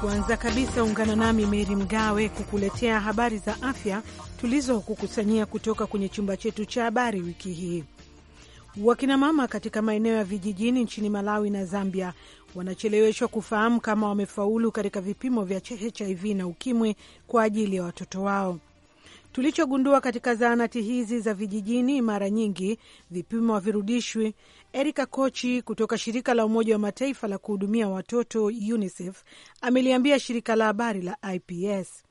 Kwanza kabisa ungana nami Meri Mgawe kukuletea habari za afya tulizokukusanyia kutoka kwenye chumba chetu cha habari wiki hii. Wakinamama katika maeneo ya vijijini nchini Malawi na Zambia wanacheleweshwa kufahamu kama wamefaulu katika vipimo vya HIV na ukimwi kwa ajili ya watoto wao. Tulichogundua katika zahanati hizi za vijijini, mara nyingi vipimo havirudishwi. Erika Kochi kutoka shirika la Umoja wa Mataifa la kuhudumia watoto UNICEF ameliambia shirika la habari la IPS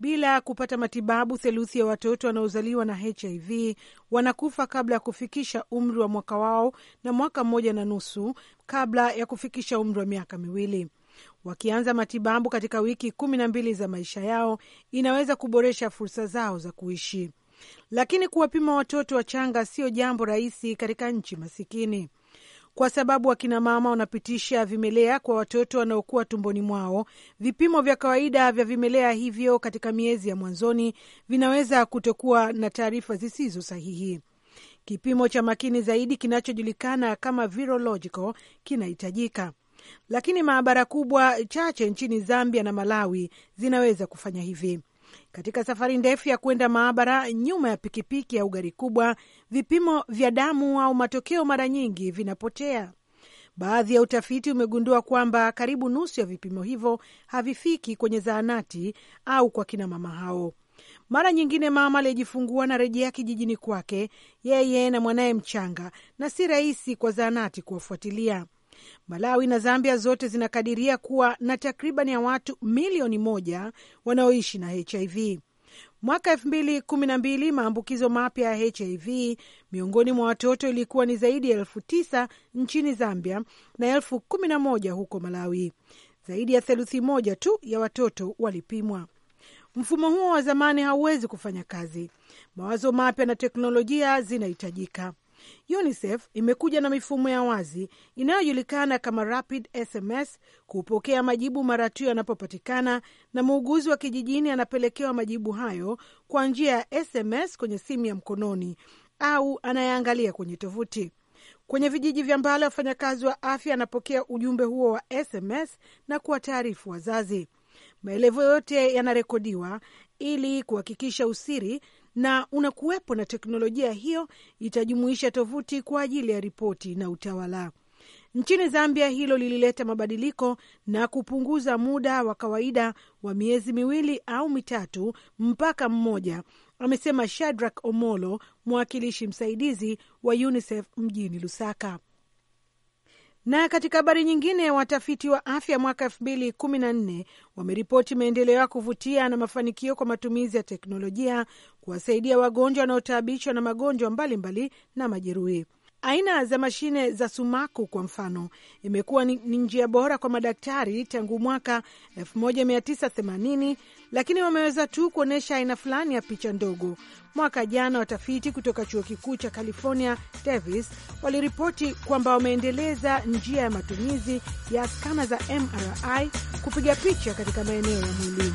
bila kupata matibabu, theluthi ya watoto wanaozaliwa na HIV wanakufa kabla ya kufikisha umri wa mwaka wao na mwaka mmoja na nusu kabla ya kufikisha umri wa miaka miwili wakianza matibabu katika wiki kumi na mbili za maisha yao inaweza kuboresha fursa zao za kuishi. Lakini kuwapima watoto wachanga sio jambo rahisi katika nchi masikini, kwa sababu wakinamama mama wanapitisha vimelea kwa watoto wanaokuwa tumboni mwao. Vipimo vya kawaida vya vimelea hivyo katika miezi ya mwanzoni vinaweza kutokuwa na taarifa zisizo sahihi. Kipimo cha makini zaidi kinachojulikana kama virological kinahitajika lakini maabara kubwa chache nchini Zambia na Malawi zinaweza kufanya hivi. Katika safari ndefu ya kwenda maabara nyuma ya pikipiki au gari kubwa, vipimo vya damu au matokeo mara nyingi vinapotea. Baadhi ya utafiti umegundua kwamba karibu nusu ya vipimo hivyo havifiki kwenye zahanati au kwa kina mama hao. Mara nyingine mama aliyejifungua na rejea kijijini kwake yeye na mwanaye mchanga, na si rahisi kwa zahanati kuwafuatilia. Malawi na Zambia zote zinakadiria kuwa na takriban ya watu milioni moja wanaoishi na HIV. Mwaka elfu mbili kumi na mbili maambukizo mapya ya HIV miongoni mwa watoto ilikuwa ni zaidi ya elfu tisa nchini Zambia na elfu kumi na moja huko Malawi. Zaidi ya theluthi moja tu ya watoto walipimwa. Mfumo huo wa zamani hauwezi kufanya kazi. Mawazo mapya na teknolojia zinahitajika. UNICEF imekuja na mifumo ya wazi inayojulikana kama rapid SMS kupokea majibu mara tu yanapopatikana, na muuguzi wa kijijini anapelekewa majibu hayo kwa njia ya SMS kwenye simu ya mkononi au anayeangalia kwenye tovuti. Kwenye vijiji vya mbali, wafanyakazi wa afya anapokea ujumbe huo wa SMS na kuwataarifu wazazi. Maelezo yote yanarekodiwa ili kuhakikisha usiri na unakuwepo na teknolojia hiyo itajumuisha tovuti kwa ajili ya ripoti na utawala. Nchini Zambia, hilo lilileta mabadiliko na kupunguza muda wa kawaida wa miezi miwili au mitatu mpaka mmoja, amesema Shadrack Omolo, mwakilishi msaidizi wa UNICEF mjini Lusaka. Na katika habari nyingine, watafiti wa afya mwaka kumi nne wameripoti maendeleo ya kuvutia na mafanikio kwa matumizi ya teknolojia kuwasaidia wagonjwa wanaotaabishwa na magonjwa mbalimbali na majeruhi. Aina za mashine za sumaku kwa mfano imekuwa ni, ni njia bora kwa madaktari tangu mwaka 1980 lakini wameweza tu kuonyesha aina fulani ya picha ndogo. Mwaka jana watafiti kutoka chuo kikuu cha California Davis waliripoti kwamba wameendeleza njia ya matumizi ya skana za MRI kupiga picha katika maeneo ya mwilini.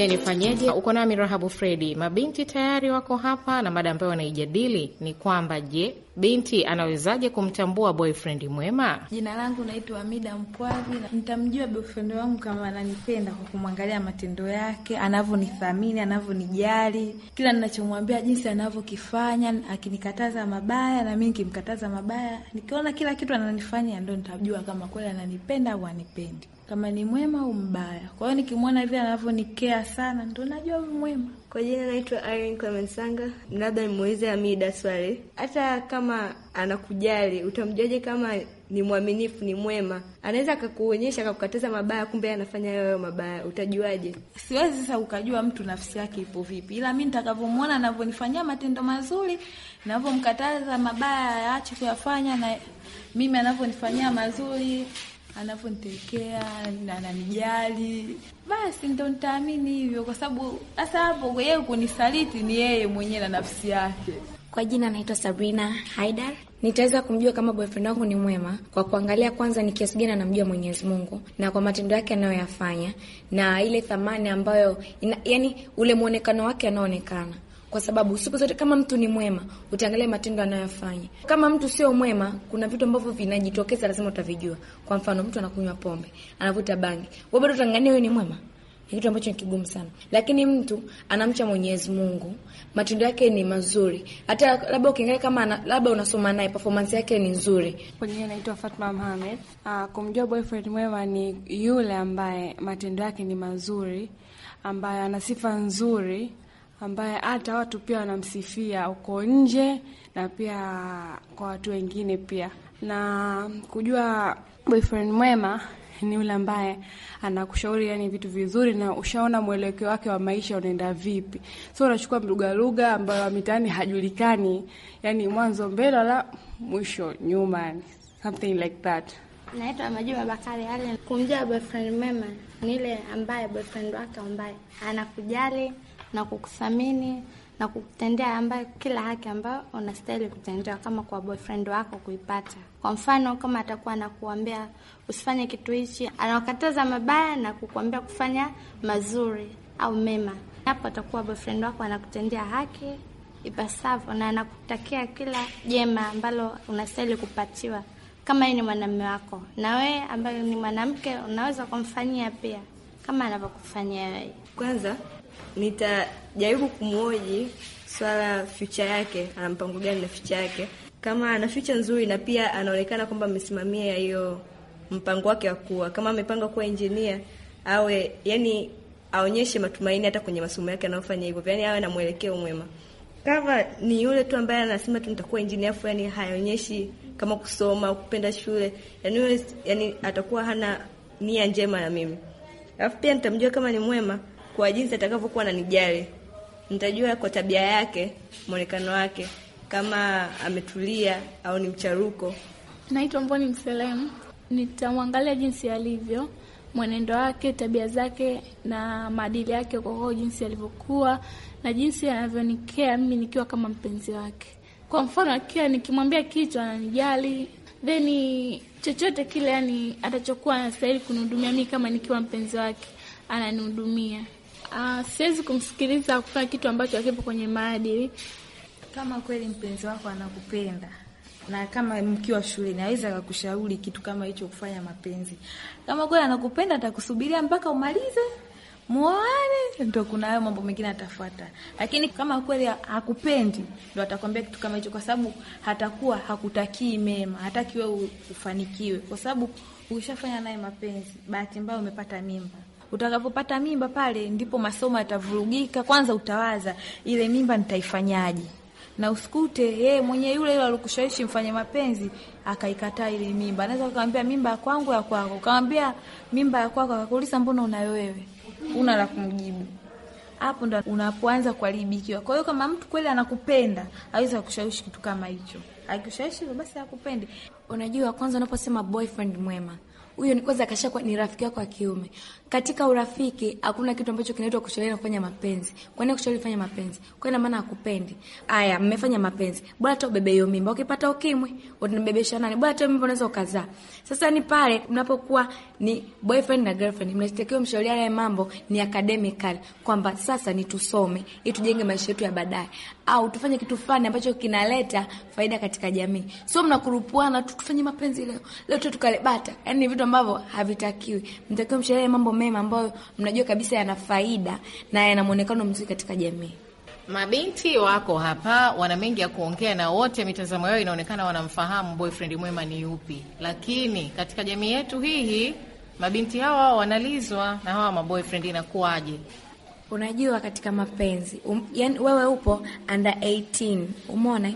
Je, nifanyeje? Uko nami Rahabu Fredi. Mabinti tayari wako hapa, na mada ambayo wanaijadili ni kwamba je, binti anawezaje kumtambua boyfriend mwema? Jina langu naitwa Amida Mpwali. ntamjua boyfriend wangu kama ananipenda kwa kumwangalia matendo yake, anavyonithamini, anavyonijali, kila ninachomwambia, jinsi anavyokifanya, akinikataza mabaya na mi nikimkataza mabaya, nikiona kila kitu ananifanya, ndo nitajua kama kweli ananipenda au anipendi kama ni mwema au mbaya. Kwa hiyo nikimwona hivi anavyonikea sana, ndo najua ni mwema. Kwa jina naitwa Irene Clement Sanga, labda nimuulize Amida swali. Hata kama anakujali, utamjaje kama ni mwaminifu, ni mwema? Anaweza akakuonyesha akakukataza mabaya, kumbe anafanya hayo mabaya, utajuaje? Siwezi sasa ukajua mtu nafsi yake ipo vipi, ila mi nitakavyomwona anavyonifanyia matendo mazuri, navyomkataza mabaya aache kuyafanya, na mimi anavyonifanyia mazuri anavyonitekea na ananijali, basi ndo nitaamini hivyo, kwa sababu hasa hapo yeye kunisaliti ni yeye mwenyewe na nafsi yake. Kwa jina anaitwa Sabrina Haidar. Nitaweza kumjua kama boyfriend wangu ni mwema kwa kuangalia kwanza ni kiasi gani anamjua Mwenyezi Mungu na kwa matendo yake anayoyafanya na ile thamani ambayo ina, yani ule mwonekano wake anaoonekana kwa sababu siku zote kama mtu ni mwema utaangalia matendo anayofanya. Kama mtu sio mwema, kuna vitu ambavyo vinajitokeza, lazima utavijua. Kwa mfano, mtu anakunywa pombe, anavuta bangi, wewe bado utaangalia huyu ni mwema ni kitu ambacho ni kigumu sana, lakini mtu anamcha Mwenyezi Mungu, matendo yake ni mazuri. Hata labda ukiangalia kama labda unasoma naye, performance yake ni nzuri. Kwa jina naitwa Fatma Mohamed. Uh, ah, kumjua boyfriend mwema ni yule ambaye matendo yake ni mazuri, ambaye ana sifa nzuri ambaye hata watu pia wanamsifia huko nje na pia kwa watu wengine pia. Na kujua boyfriend mwema ni yule ambaye anakushauri yani vitu vizuri na ushaona mwelekeo wake wa maisha unaenda vipi, so unachukua lugha ambayo mitaani hajulikani, yani mwanzo mbele wala mwisho nyuma, yaani, something like that. Naitwa Majuba Bakari. Yale kumjua boyfriend mema ni ile ambaye boyfriend wake ambaye anakujali na kukuthamini na kukutendea ambayo kila haki ambayo unastahili kutendewa kama kwa boyfriend wako kuipata. Kwa mfano, kama atakuwa anakuambia usifanye kitu hichi, anakataza mabaya na kukuambia kufanya mazuri au mema, hapo atakuwa boyfriend wako anakutendea haki ipasavyo na anakutakia kila jema ambalo unastahili kupatiwa kama yeye ni mwanamume wako, na wewe ambayo ni mwanamke unaweza kumfanyia pia kama anavyokufanyia wewe. Kwanza nitajaribu kumwoji swala future yake, ana mpango gani na future yake, kama ana future nzuri na pia anaonekana kwamba amesimamia hiyo mpango wake wa kuwa, kama amepanga kuwa engineer awe, yani aonyeshe matumaini hata kwenye masomo yake anayofanya hivyo, yani awe na mwelekeo mwema. Kama ni yule tu ambaye anasema tu nitakuwa engineer afu, yani haonyeshi kama kusoma kupenda shule, yani yani atakuwa hana nia njema na mimi. Alafu pia nitamjua kama ni mwema kwa jinsi atakavyokuwa ananijali. Nitajua kwa tabia yake, mwonekano wake, kama ametulia au ni mcharuko. Naitwa Mboni Mselemu. Nitamwangalia jinsi alivyo, mwenendo wake, tabia zake na maadili yake, kwa kwao, jinsi alivyokuwa na jinsi anavyonikea mimi nikiwa kama mpenzi wake. Kwa mfano, akiwa nikimwambia kitu ananijali, theni chochote kile, yani atachokuwa anastahili kunihudumia mimi kama nikiwa mpenzi wake, ananihudumia. Uh, siwezi kumsikiliza kufanya kitu ambacho hakipo kwenye maadili. Kama kweli mpenzi wako anakupenda na kama mkiwa shuleni aweza akakushauri kitu kama hicho, kufanya mapenzi, kama kweli anakupenda atakusubiria mpaka umalize muoane, ndo kuna hayo mambo mengine atafuata. Lakini kama kweli hakupendi, ndo atakwambia kitu kama hicho, kwa sababu hatakuwa hakutakii mema, hataki wewe ufanikiwe, kwa sababu ukishafanya naye mapenzi, bahati mbaya umepata mimba Utakapopata mimba pale ndipo masomo yatavurugika. Kwanza utawaza ile mimba nitaifanyaje, na usikute yeye eh, mwenye yule yule alikushawishi mfanye mapenzi akaikataa ile mimba. Anaweza kukaambia mimba ya kwangu ya kwako, ukamwambia mimba ya kwako, akakuuliza mbona unayo wewe, una la kumjibu hapo ndo unapoanza kuharibikiwa. Kwa hiyo kama mtu kweli anakupenda, aweza kushawishi kitu kama hicho. Akikushawishi hivyo, basi hakupendi. Unajua, kwanza unaposema boyfriend mwema, huyo ni kwanza akashakuwa ni rafiki yako wa kiume katika urafiki hakuna kitu ambacho kinaitwa kushauri kufanya mapenzi. Kwa nini kushauri kufanya mapenzi? Kwa nini maana hakupendi. Aya, mmefanya mapenzi. Bora tu ubebe hiyo mimba. Ukipata ukimwi, utanibebesha nani? Bora tu mimba unaweza ukazaa. Sasa ni pale mnapokuwa ni boyfriend na girlfriend, mnatakiwa mshauriane haya mambo ni academical kwamba sasa ni tusome ili tujenge maisha yetu ya baadaye au tufanye kitu fulani ambacho kinaleta faida katika jamii. Sio mnakurupuana tu tufanye mapenzi leo. Leo tu tukalebata. Yaani vitu ambavyo havitakiwi. Mtakiwa mshauriane mambo mema ambayo mnajua kabisa yana faida na yana mwonekano mzuri katika jamii. Mabinti wako hapa, wana mengi ya kuongea na wote mitazamo yao inaonekana wanamfahamu boyfriend mwema ni yupi, lakini katika jamii yetu hii hii mabinti hawa wanalizwa na hawa maboyfriend, inakuwaje? Unajua, katika mapenzi um, yani wewe upo under 18 umeona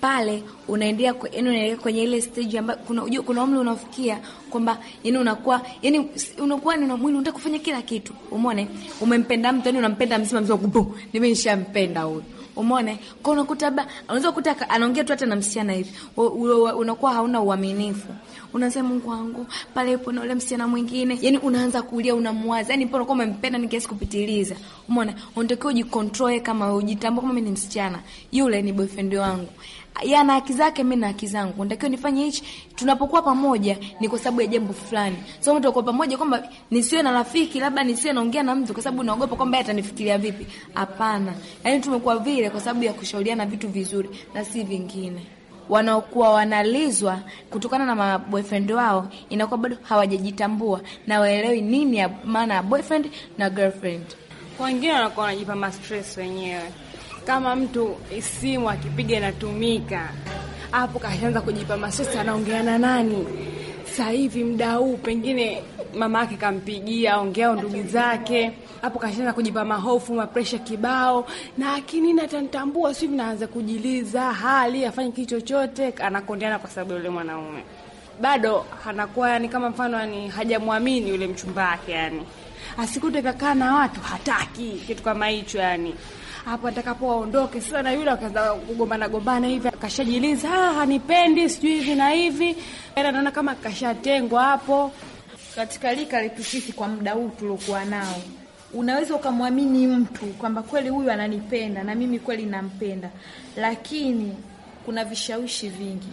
pale unaendea yani, unaelekea kwenye ile stage ambayo kuna ujua, kuna umri unafikia kwamba yani unakuwa yani unakuwa ni na mwili unataka kufanya kila kitu, Umeone, umempenda mtu yani unampenda mzima mzima, kupo nimeshampenda huyo, Umeone, Kwa unakuta labda unaweza kukuta anaongea tu hata na msichana hivi, unakuwa hauna uaminifu, unasema Mungu wangu, pale ipo na yule msichana mwingine, yani unaanza kulia, unamwaza yani, mbona kama umempenda ni kiasi kupitiliza, umeona. Unatakiwa ujikontrol kama ujitambua kama mimi ni msichana, yule ni boyfriend wangu yeye ana haki zake, mimi na haki zangu, natakiwa nifanye hichi. Tunapokuwa pamoja ni kwa sababu ya jambo fulani, so mtu kwa pamoja kwamba nisiwe na rafiki, labda nisiwe naongea na mtu kwa sababu naogopa kwamba atanifikiria vipi. Hapana, yaani tumekuwa vile kwa sababu ya kushauriana vitu vizuri na si vingine wanaokuwa wanalizwa kutokana na maboyfriend wao inakuwa bado hawajajitambua na waelewi nini ya maana ya boyfriend na girlfriend. Wengine wanakuwa wanajipa ma stress wenyewe kama mtu simu akipiga inatumika, hapo kashaanza kujipa masosi, anaongea na nani sasa hivi mda huu, pengine mama yake kampigia, ongea ndugu zake, hapo kashaanza kujipa mahofu, mapresha kibao, na akinini atanitambua sivi naanza kujiliza hali afanye kitu chochote, anakondeana kwa sababu yule mwanaume bado anakuwa yani, kama mfano yani, hajamwamini yule mchumba wake, yani asikute kakaa na watu hataki kitu kama hicho yani hapo atakapo waondoke sasa, na yule akaanza kugombana gombana hivi, akashajiliza ah, hanipendi sijui hivi na hivi, naona kama kashatengwa hapo katika lika letu sisi. Kwa muda huu tuliokuwa nao, unaweza ukamwamini mtu kwamba kweli huyu ananipenda na mimi kweli nampenda, lakini kuna vishawishi vingi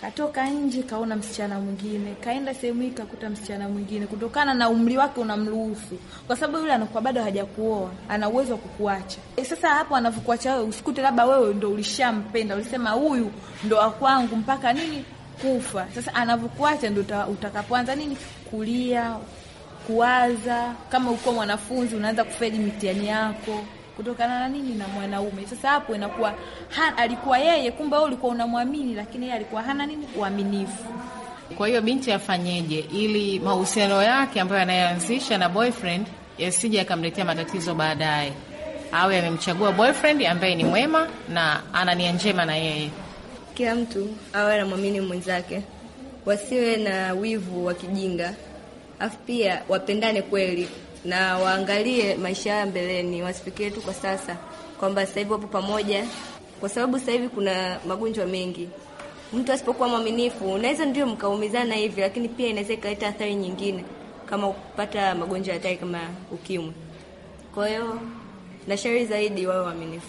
katoka nje kaona msichana mwingine, kaenda sehemu hii kakuta msichana mwingine, kutokana na umri wake unamruhusu, kwa sababu yule anakuwa bado hajakuoa, ana uwezo wa kukuacha. E, sasa hapo anavyokuacha wewe, usikute labda wewe ndo ulishampenda, ulisema huyu ndo wa kwangu mpaka nini kufa. Sasa anavyokuacha ndo utakapoanza nini kulia, kuwaza. Kama ukuwa mwanafunzi, unaanza kufeli mitihani yako kutokana na nini na mwanaume. Sasa hapo inakuwa alikuwa yeye, kumbe wewe ulikuwa unamwamini, lakini yeye alikuwa hana nini, uaminifu. Kwa hiyo binti afanyeje ili mahusiano yake ambayo anayoanzisha na boyfriend yasije akamletea matatizo baadaye? Awe amemchagua boyfriend ambaye ni mwema na ana nia njema na yeye. Kila mtu awe anamwamini mwenzake, wasiwe na wivu wa kijinga, afu pia wapendane kweli na waangalie maisha yao mbeleni, wasifikirie tu kwa sasa kwamba sasa hivi wapo pamoja, kwa sababu sasa hivi kuna magonjwa mengi. Mtu asipokuwa mwaminifu, unaweza ndio mkaumizana hivi, lakini pia inaweza ikaleta athari nyingine kama kupata magonjwa hatari kama ukimwi. Kwa hiyo nashauri zaidi wawe waaminifu.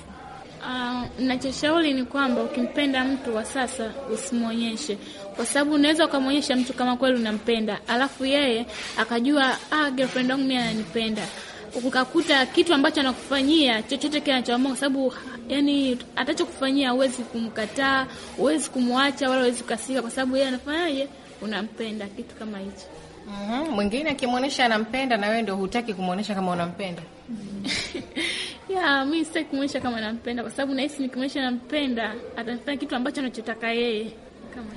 Uh, nachoshauri ni kwamba ukimpenda mtu wa sasa usimwonyeshe, kwa sababu unaweza ukamwonyesha mtu kama kweli unampenda, alafu yeye akajua ah, girlfriend wangu mimi ananipenda ukakuta kitu ambacho anakufanyia chochote kile anachoamua, kwa sababu yani atachokufanyia huwezi kumkataa, huwezi kumwacha wala huwezi kukasika, kwa sababu yeye anafanyaje, unampenda. Kitu kama hicho. mm -hmm. Mwingine akimwonyesha anampenda na wewe ndio hutaki kumwonyesha kama unampenda. mm -hmm ya mi sitaki kumwonyesha kama nampenda, kwa sababu nahisi nikimwonyesha nampenda atafanya kitu ambacho anachotaka yeye.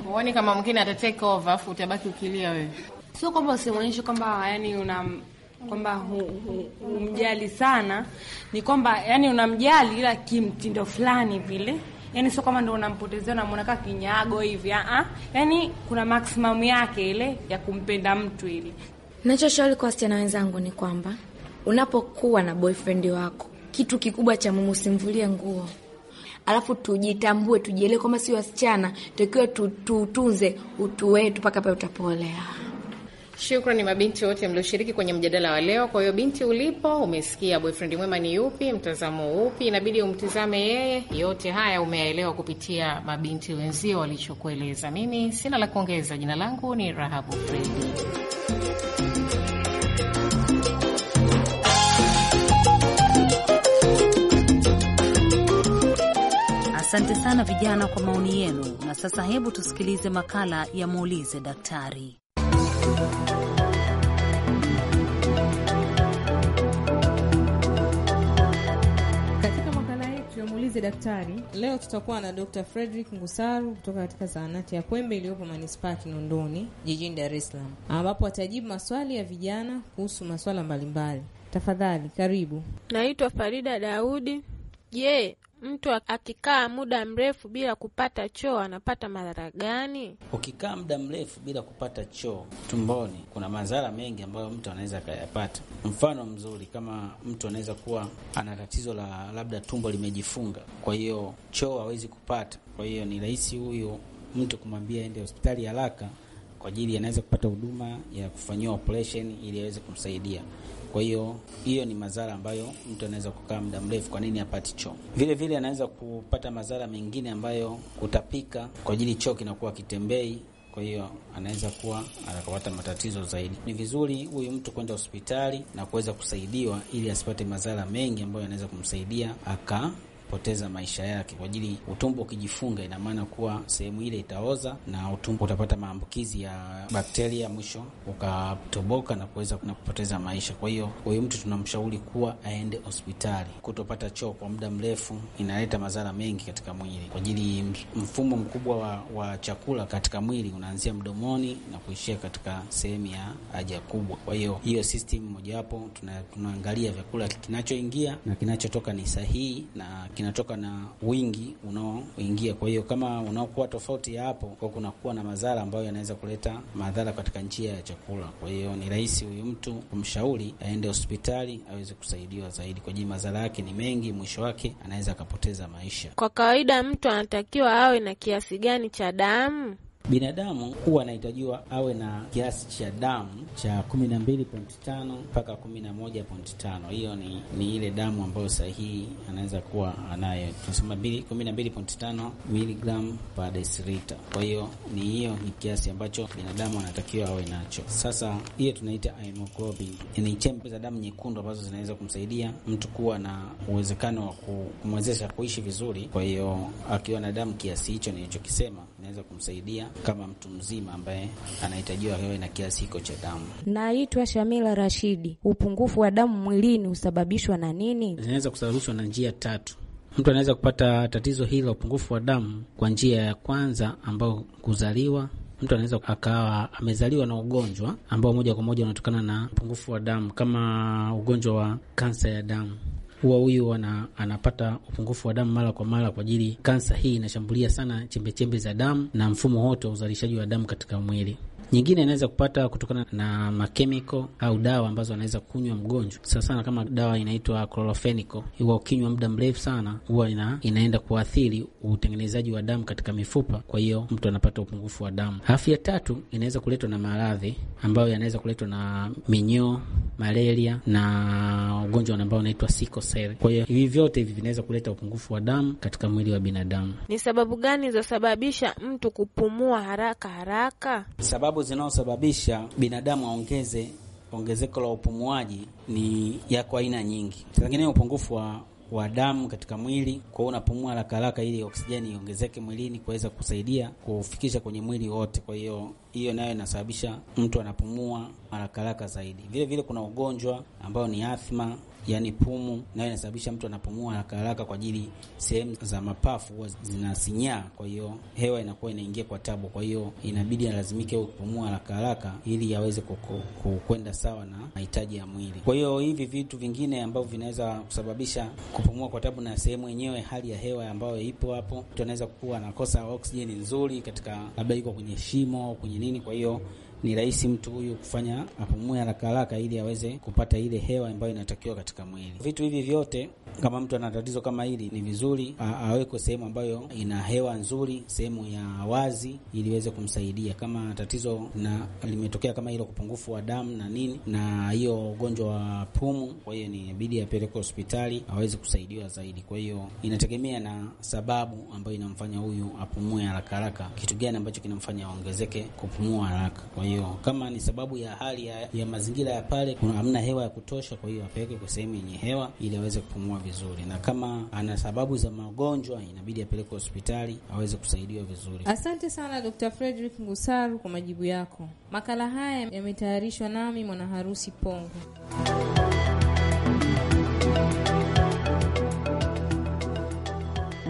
Huoni kama, kama mwingine ata take over afu utabaki ukilia wewe? Sio kwamba usimwonyeshe kwamba yani una kwamba humjali sana, ni kwamba yani unamjali ila kimtindo fulani vile yani sio kama ndo unampotezea muonekana kinyago hivi a, yani kuna maximum yake ile ya kumpenda mtu Ili Nachoshauri kwa wasichana wenzangu ni kwamba unapokuwa na boyfriend wako kitu kikubwa cha Mungu nguo, alafu tujitambue, tujielewe kwamba si wasichana, takiwa tutunze utu wetu mpaka pale utapolea. Shukrani mabinti wote mlioshiriki kwenye mjadala wa leo. Kwa hiyo binti, ulipo umesikia boyfriend mwema ni yupi, mtazamo upi, inabidi umtizame yeye. Yote haya umeaelewa kupitia mabinti wenzio walichokueleza. Mimi sina la kuongeza. Jina langu ni Rahabu Fredi. Asante sana vijana kwa maoni yenu. Na sasa hebu tusikilize makala ya muulize daktari. Muulize daktari. Leo tutakuwa na Dr. Frederick Ngusaru kutoka katika zahanati ya Kwembe iliyopo Manispaa ya Kinondoni jijini Dar es Salaam, ambapo atajibu maswali ya vijana kuhusu maswala mbalimbali. Tafadhali karibu. Naitwa Farida Daudi. Je, Mtu akikaa muda mrefu bila kupata choo anapata madhara gani? Ukikaa muda mrefu bila kupata choo tumboni, kuna madhara mengi ambayo mtu anaweza akayapata. Mfano mzuri, kama mtu anaweza kuwa ana tatizo la labda tumbo limejifunga, kwa hiyo choo hawezi kupata, kwa hiyo ni rahisi huyu mtu kumwambia aende hospitali haraka kwa ajili anaweza kupata huduma ya kufanyiwa operation ili aweze kumsaidia. Kwa hiyo hiyo ni madhara ambayo mtu anaweza kukaa muda mrefu, kwa nini apati choo. Vile vile anaweza kupata madhara mengine ambayo kutapika, kwa ajili choo kinakuwa kitembei kwa hiyo anaweza kuwa anapata matatizo zaidi. Ni vizuri huyu mtu kwenda hospitali na kuweza kusaidiwa ili asipate madhara mengi ambayo anaweza kumsaidia aka kupoteza maisha yake, kwa ajili utumbo ukijifunga, ina maana kuwa sehemu ile itaoza na utumbo utapata maambukizi ya bakteria, mwisho ukatoboka na kuweza na kupoteza maisha. Kwa hiyo huyu mtu tunamshauri kuwa aende hospitali. Kutopata choo kwa muda mrefu inaleta madhara mengi katika mwili, kwa ajili mfumo mkubwa wa, wa chakula katika mwili unaanzia mdomoni na kuishia katika sehemu ya haja kubwa. Kwa hiyo hiyo system mojawapo tuna, tunaangalia vyakula kinachoingia na kinachotoka ni sahihi na kinatoka na wingi unaoingia. Kwa hiyo kama unaokuwa tofauti ya hapo, kwa kunakuwa na madhara ambayo yanaweza kuleta madhara katika njia ya chakula. Kwa hiyo ni rahisi huyu mtu kumshauri aende hospitali aweze kusaidiwa zaidi, kwa jii madhara yake ni mengi, mwisho wake anaweza akapoteza maisha. Kwa kawaida mtu anatakiwa awe na kiasi gani cha damu? Binadamu huwa anahitajiwa awe na kiasi cha damu cha 12.5 mpaka 11.5. Hiyo ni, ni ile damu ambayo sahihi anaweza kuwa anayo, tunasema 12.5 miligramu per deciliter. Kwa hiyo ni hiyo ni kiasi ambacho binadamu anatakiwa awe nacho. Sasa hiyo tunaita hemoglobin, ni chembe za damu nyekundu ambazo zinaweza kumsaidia mtu kuwa na uwezekano wa kumwezesha kuishi vizuri. Kwa hiyo akiwa na damu kiasi hicho nilichokisema inaweza kumsaidia kama mtu mzima ambaye anahitajiwa hewe na kiasi hiko cha damu. Naitwa Shamila Rashidi. Upungufu wa damu mwilini husababishwa na nini? Inaweza kusababishwa na njia tatu. Mtu anaweza kupata tatizo hili la upungufu wa damu kwa njia ya kwanza, ambayo kuzaliwa mtu anaweza akawa amezaliwa na ugonjwa ambao moja kwa moja unatokana na upungufu wa damu kama ugonjwa wa kansa ya damu huwa huyu anapata upungufu wa damu mara kwa mara kwa ajili kansa hii inashambulia sana chembechembe za damu na mfumo wote wa uzalishaji wa damu katika mwili. Nyingine inaweza kupata kutokana na makemiko au dawa ambazo anaweza kunywa mgonjwa. Sasa sana kama dawa inaitwa klorofeniko, huwa ukinywa muda mrefu sana huwa ina, inaenda kuathiri utengenezaji wa damu katika mifupa, kwa hiyo mtu anapata upungufu wa damu. afu ya tatu inaweza kuletwa na maradhi ambayo yanaweza kuletwa na minyoo, malaria na ugonjwa ambao unaitwa sikoseli. Kwa hiyo hivi vyote hivi vinaweza kuleta upungufu wa damu katika mwili wa binadamu. Ni sababu gani zasababisha mtu kupumua haraka haraka? sababu sababu zinazosababisha binadamu aongeze ongezeko la upumuaji ni yako aina nyingi. Lakini upungufu wa wa damu katika mwili, kwa hiyo unapumua haraka haraka ili oksijeni iongezeke mwilini kuweza kusaidia kufikisha kwenye mwili wote. Kwa hiyo hiyo nayo inasababisha mtu anapumua haraka haraka zaidi. Vile vile kuna ugonjwa ambao ni athma yani pumu nayo inasababisha mtu anapumua haraka haraka, kwa ajili sehemu za mapafu huwa zinasinyaa, kwa hiyo hewa inakuwa inaingia kwa tabu, kwa hiyo inabidi alazimike kupumua haraka haraka ili aweze kwenda sawa na mahitaji ya mwili. Kwa hiyo hivi vitu vingine ambavyo vinaweza kusababisha kupumua kwa tabu na sehemu yenyewe, hali ya hewa ambayo ipo hapo, mtu anaweza kuwa anakosa oksijeni nzuri katika labda iko kwenye shimo au kwenye nini, kwa hiyo ni rahisi mtu huyu kufanya apumue haraka haraka, ili aweze kupata ile hewa ambayo inatakiwa katika mwili. Vitu hivi vyote, kama mtu ana tatizo kama hili, ni vizuri awekwe sehemu ambayo ina hewa nzuri, sehemu ya wazi, ili iweze kumsaidia kama tatizo na limetokea kama hilo, upungufu wa damu na nini, na hiyo ugonjwa wa pumu. Kwa hiyo ni bidi apelekwe hospitali aweze kusaidiwa zaidi. Kwa hiyo inategemea na sababu ambayo inamfanya huyu apumue haraka haraka, kitu gani ambacho kinamfanya aongezeke kupumua haraka. Kwa hiyo hiyo kama ni sababu ya hali ya, ya mazingira ya pale, kuna hamna hewa ya kutosha, kwa hiyo apeleke kwa sehemu yenye hewa ili aweze kupumua vizuri, na kama ana sababu za magonjwa inabidi apelekwe hospitali aweze kusaidiwa vizuri. Asante sana Dr. Frederick Ngusaru kwa majibu yako. Makala haya yametayarishwa nami mwana harusi Pongo.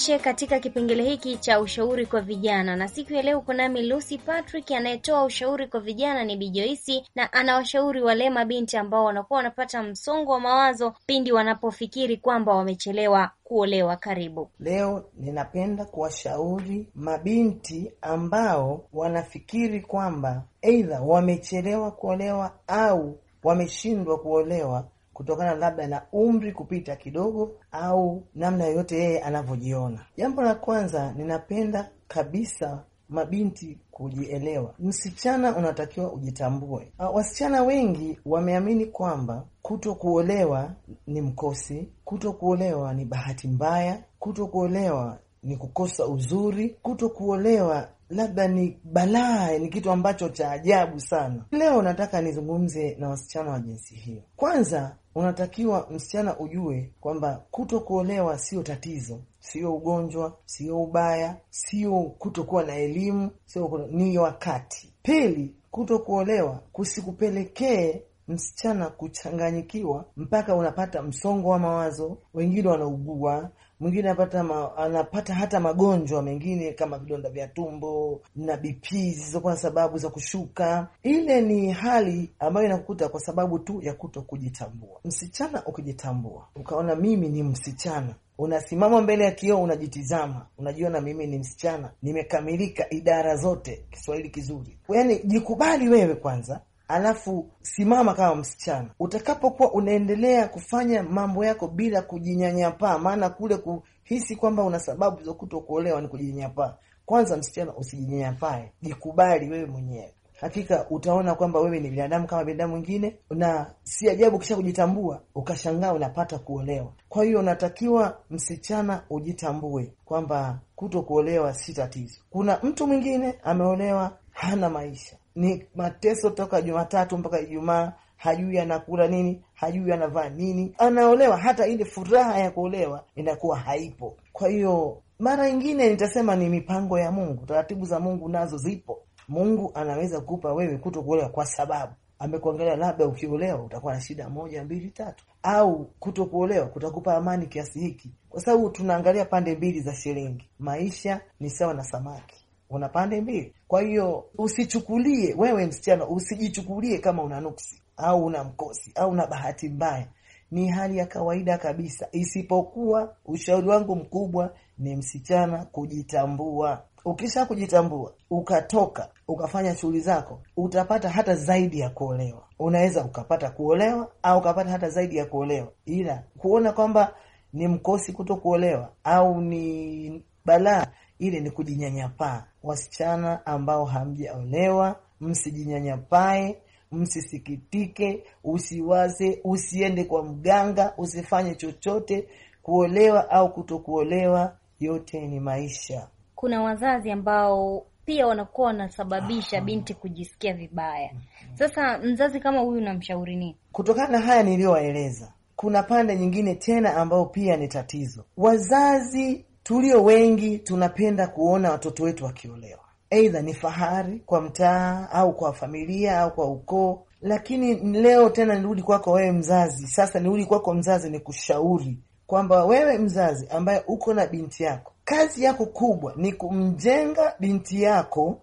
tukaribishe katika kipengele hiki cha ushauri kwa vijana, na siku ya leo kunami Lucy Patrick. Anayetoa ushauri kwa vijana ni Bijoisi, na anawashauri wale mabinti ambao wanakuwa wanapata msongo wa mawazo pindi wanapofikiri kwamba wamechelewa kuolewa. Karibu. Leo ninapenda kuwashauri mabinti ambao wanafikiri kwamba aidha wamechelewa kuolewa au wameshindwa kuolewa kutokana labda na umri kupita kidogo au namna yoyote yeye anavyojiona. Jambo la kwanza, ninapenda kabisa mabinti kujielewa. Msichana unatakiwa ujitambue. Ah, wasichana wengi wameamini kwamba kuto kuolewa ni mkosi, kuto kuolewa ni bahati mbaya, kuto kuolewa ni kukosa uzuri, kuto kuolewa labda ni balaa, ni kitu ambacho cha ajabu sana. Leo nataka nizungumze na wasichana wa jinsi hiyo. Kwanza unatakiwa msichana ujue kwamba kuto kuolewa sio tatizo, sio ugonjwa, sio ubaya, sio kutokuwa na elimu, sio ni wakati. Pili, kuto kuolewa kusikupelekee msichana kuchanganyikiwa mpaka unapata msongo wa mawazo, wengine wanaugua, mwingine anapata ma, anapata hata magonjwa mengine kama vidonda vya tumbo na BP zilizokuwa na sababu za kushuka. Ile ni hali ambayo inakukuta kwa sababu tu ya kuto kujitambua. Msichana ukijitambua, ukaona mimi ni msichana unasimama mbele ya kioo, unajitizama, unajiona mimi ni msichana, nimekamilika idara zote, Kiswahili kizuri. Yaani jikubali wewe kwanza, alafu simama kama msichana. Utakapokuwa unaendelea kufanya mambo yako bila kujinyanyapaa, maana kule kuhisi kwamba una sababu za kuto kuolewa ni kujinyanyapaa. Kwanza msichana, usijinyanyapae, jikubali wewe mwenyewe. Hakika utaona kwamba wewe ni binadamu kama binadamu mwingine, na si ajabu kisha kujitambua ukashangaa unapata kuolewa. Kwa hiyo unatakiwa msichana ujitambue kwamba kuto kuolewa si tatizo. Kuna mtu mwingine ameolewa hana maisha, ni mateso toka Jumatatu mpaka Ijumaa, hajui anakula nini, hajui anavaa nini, anaolewa, hata ile furaha ya kuolewa inakuwa haipo. Kwa hiyo mara yingine nitasema ni mipango ya Mungu, taratibu za Mungu nazo zipo. Mungu anaweza kukupa wewe kuto kuolewa kwa sababu amekuangalia labda ukiolewa utakuwa na shida moja mbili tatu, au kuto kuolewa kutakupa amani kiasi hiki, kwa sababu tunaangalia pande mbili za shilingi. Maisha ni sawa na samaki una pande mbili. Kwa hiyo usichukulie wewe, msichana, usijichukulie kama una nuksi au una mkosi au una bahati mbaya. Ni hali ya kawaida kabisa, isipokuwa ushauri wangu mkubwa ni msichana kujitambua. Ukisha kujitambua ukatoka ukafanya shughuli zako, utapata hata zaidi ya kuolewa. Unaweza ukapata kuolewa au ukapata hata zaidi ya kuolewa, ila kuona kwamba ni mkosi kuto kuolewa au ni balaa ile ni kujinyanyapaa. Wasichana ambao hamjaolewa, msijinyanyapae, msisikitike, usiwaze, usiende kwa mganga, usifanye chochote. Kuolewa au kutokuolewa, yote ni maisha. Kuna wazazi ambao pia wanakuwa wanasababisha ah, ah. binti kujisikia vibaya. Mm-hmm. Sasa mzazi kama huyu namshauri nini? Kutokana na haya niliyowaeleza, kuna pande nyingine tena ambayo pia ni tatizo. Wazazi Tulio wengi tunapenda kuona watoto wetu wakiolewa, aidha ni fahari kwa mtaa au kwa familia au kwa ukoo. Lakini leo tena nirudi kwako wewe mzazi, sasa nirudi kwako mzazi, ni kushauri kwamba wewe mzazi ambaye uko na binti yako, kazi yako kubwa ni kumjenga binti yako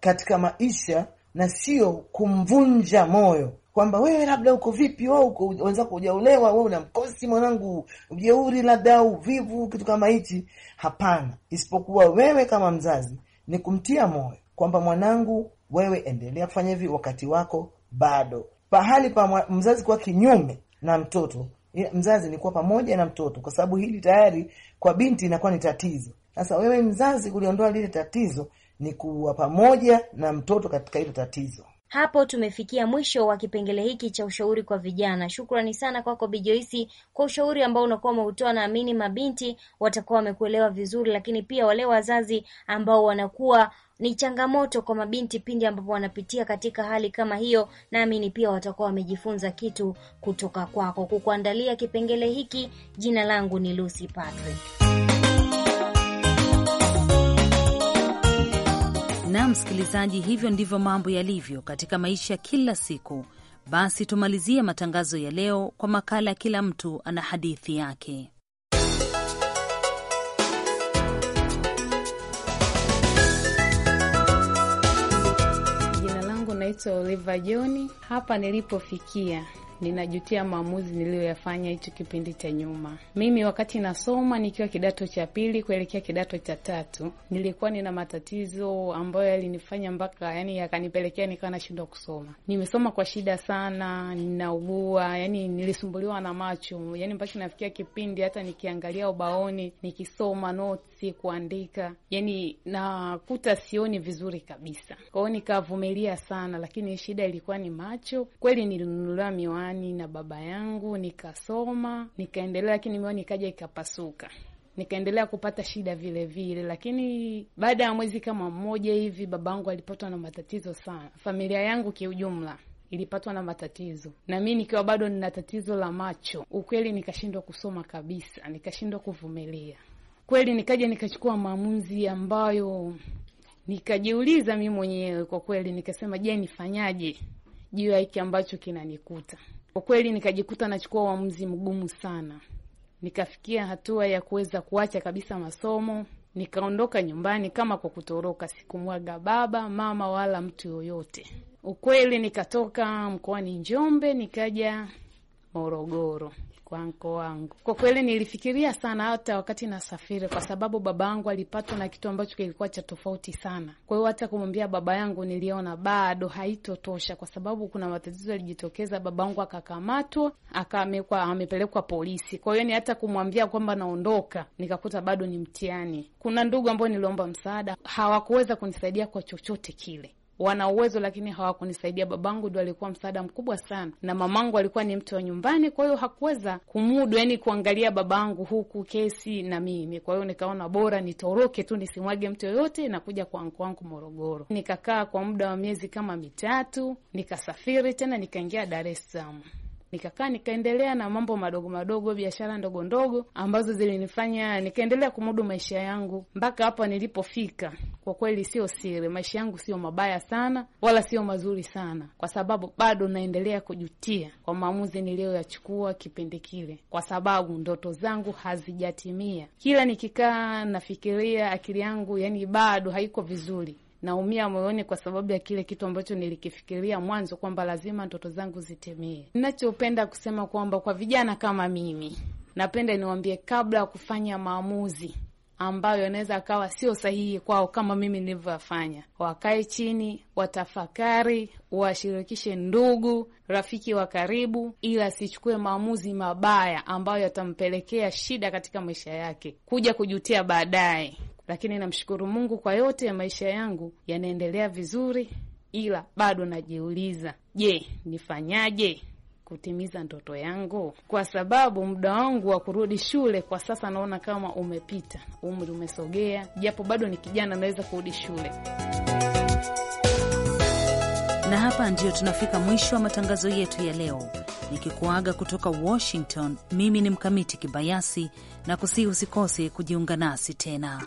katika maisha na sio kumvunja moyo kwamba wewe labda uko vipi, wa uko wenzako ujaolewa wewe una mkosi mwanangu, ujeuri labda au vivu, kitu kama hichi. Hapana, isipokuwa wewe kama mzazi ni kumtia moyo kwamba mwanangu, wewe endelea kufanya hivi, wakati wako bado. Pahali pa mzazi kuwa kinyume na mtoto, mzazi ni kuwa pamoja na mtoto, kwa sababu hili tayari kwa binti inakuwa ni tatizo. Sasa wewe mzazi, kuliondoa lile tatizo ni kuwa pamoja na mtoto katika hilo tatizo. Hapo tumefikia mwisho wa kipengele hiki cha ushauri kwa vijana. Shukrani sana kwako Bi Joyce kwa ushauri ambao unakuwa umeutoa. Naamini mabinti watakuwa wamekuelewa vizuri, lakini pia wale wazazi ambao wanakuwa ni changamoto kwa mabinti pindi ambapo wanapitia katika hali kama hiyo, naamini pia watakuwa wamejifunza kitu kutoka kwako. Kukuandalia kipengele hiki, jina langu ni Lucy Patrick. Na msikilizaji, hivyo ndivyo mambo yalivyo katika maisha kila siku. Basi tumalizie matangazo ya leo kwa makala, kila mtu ana hadithi yake. Jina langu naitwa Oliva Joni. Hapa nilipofikia ninajutia maamuzi niliyoyafanya hicho kipindi cha nyuma. Mimi wakati nasoma nikiwa kidato cha pili kuelekea kidato cha tatu, nilikuwa nina matatizo ambayo yalinifanya mpaka yani yakanipelekea nikawa nashindwa kusoma. Nimesoma kwa shida sana, ninaugua, yani nilisumbuliwa na macho, yani mpaka nafikia kipindi hata nikiangalia ubaoni nikisoma notsi, kuandika, yani nakuta sioni vizuri kabisa. Kwao nikavumilia sana, lakini shida ilikuwa ni macho. Kweli nilinunuliwa miwani nyumbani na baba yangu, nikasoma nikaendelea, lakini mioyo nikaja ikapasuka nikaendelea kupata shida vile vile, lakini baada ya mwezi kama mmoja hivi babangu alipatwa na matatizo sana. Familia yangu kiujumla ilipatwa na matatizo, na mi nikiwa bado nina tatizo la macho. Ukweli nikashindwa kusoma kabisa, nikashindwa kuvumilia kweli, nikaja nikachukua maamuzi ambayo nikajiuliza mi mwenyewe kwa kweli, nikasema je, nifanyaje juu ya hiki ambacho kinanikuta? Kwa kweli nikajikuta nachukua uamuzi mgumu sana, nikafikia hatua ya kuweza kuacha kabisa masomo, nikaondoka nyumbani kama kwa kutoroka. Sikumwaga baba mama wala mtu yoyote. Ukweli nikatoka mkoani Njombe nikaja Morogoro kwa wangu. Kwa kweli nilifikiria sana hata wakati nasafiri, kwa sababu baba yangu alipatwa na kitu ambacho kilikuwa cha tofauti sana. Kwa hiyo hata kumwambia baba yangu niliona bado haitotosha, kwa sababu kuna matatizo yalijitokeza. Baba yangu akakamatwa, akamekwa, amepelekwa polisi. Kwa hiyo ni hata kumwambia kwamba naondoka, nikakuta bado ni mtihani. Kuna ndugu ambao niliomba msaada, hawakuweza kunisaidia kwa chochote kile wana uwezo lakini hawakunisaidia. Babangu ndo alikuwa msaada mkubwa sana, na mamangu alikuwa ni mtu wa nyumbani, kwa hiyo hakuweza kumudu yani kuangalia babangu huku kesi na mimi. Kwa hiyo nikaona bora nitoroke tu nisimwage mtu yoyote na kuja kwa anko wangu Morogoro. Nikakaa kwa muda wa miezi kama mitatu, nikasafiri tena nikaingia Dar es Salaam. Nikakaa nikaendelea na mambo madogo madogo, biashara ndogo ndogo ambazo zilinifanya nikaendelea kumudu maisha yangu mpaka hapa nilipofika. Kwa kweli, sio siri, maisha yangu sio mabaya sana wala sio mazuri sana, kwa sababu bado naendelea kujutia kwa maamuzi niliyoyachukua kipindi kile, kwa sababu ndoto zangu hazijatimia. Kila nikikaa nafikiria, akili yangu yani bado haiko vizuri naumia moyoni kwa sababu ya kile kitu ambacho nilikifikiria mwanzo kwamba lazima ndoto zangu zitimie. Ninachopenda kusema kwamba kwa vijana kama mimi, napenda niwaambie kabla ya kufanya maamuzi ambayo yanaweza akawa sio sahihi kwao, kama mimi nilivyoyafanya, wakae chini, watafakari, washirikishe ndugu, rafiki wa karibu, ili asichukue maamuzi mabaya ambayo yatampelekea shida katika maisha yake, kuja kujutia baadaye lakini namshukuru Mungu kwa yote ya maisha yangu yanaendelea vizuri, ila bado najiuliza, je, nifanyaje kutimiza ndoto yangu, kwa sababu muda wangu wa kurudi shule kwa sasa naona kama umepita, umri umesogea, japo bado ni kijana, naweza kurudi shule. Na hapa ndiyo tunafika mwisho wa matangazo yetu ya leo, nikikuaga kutoka Washington. Mimi ni Mkamiti Kibayasi na kusihi usikose kujiunga nasi tena.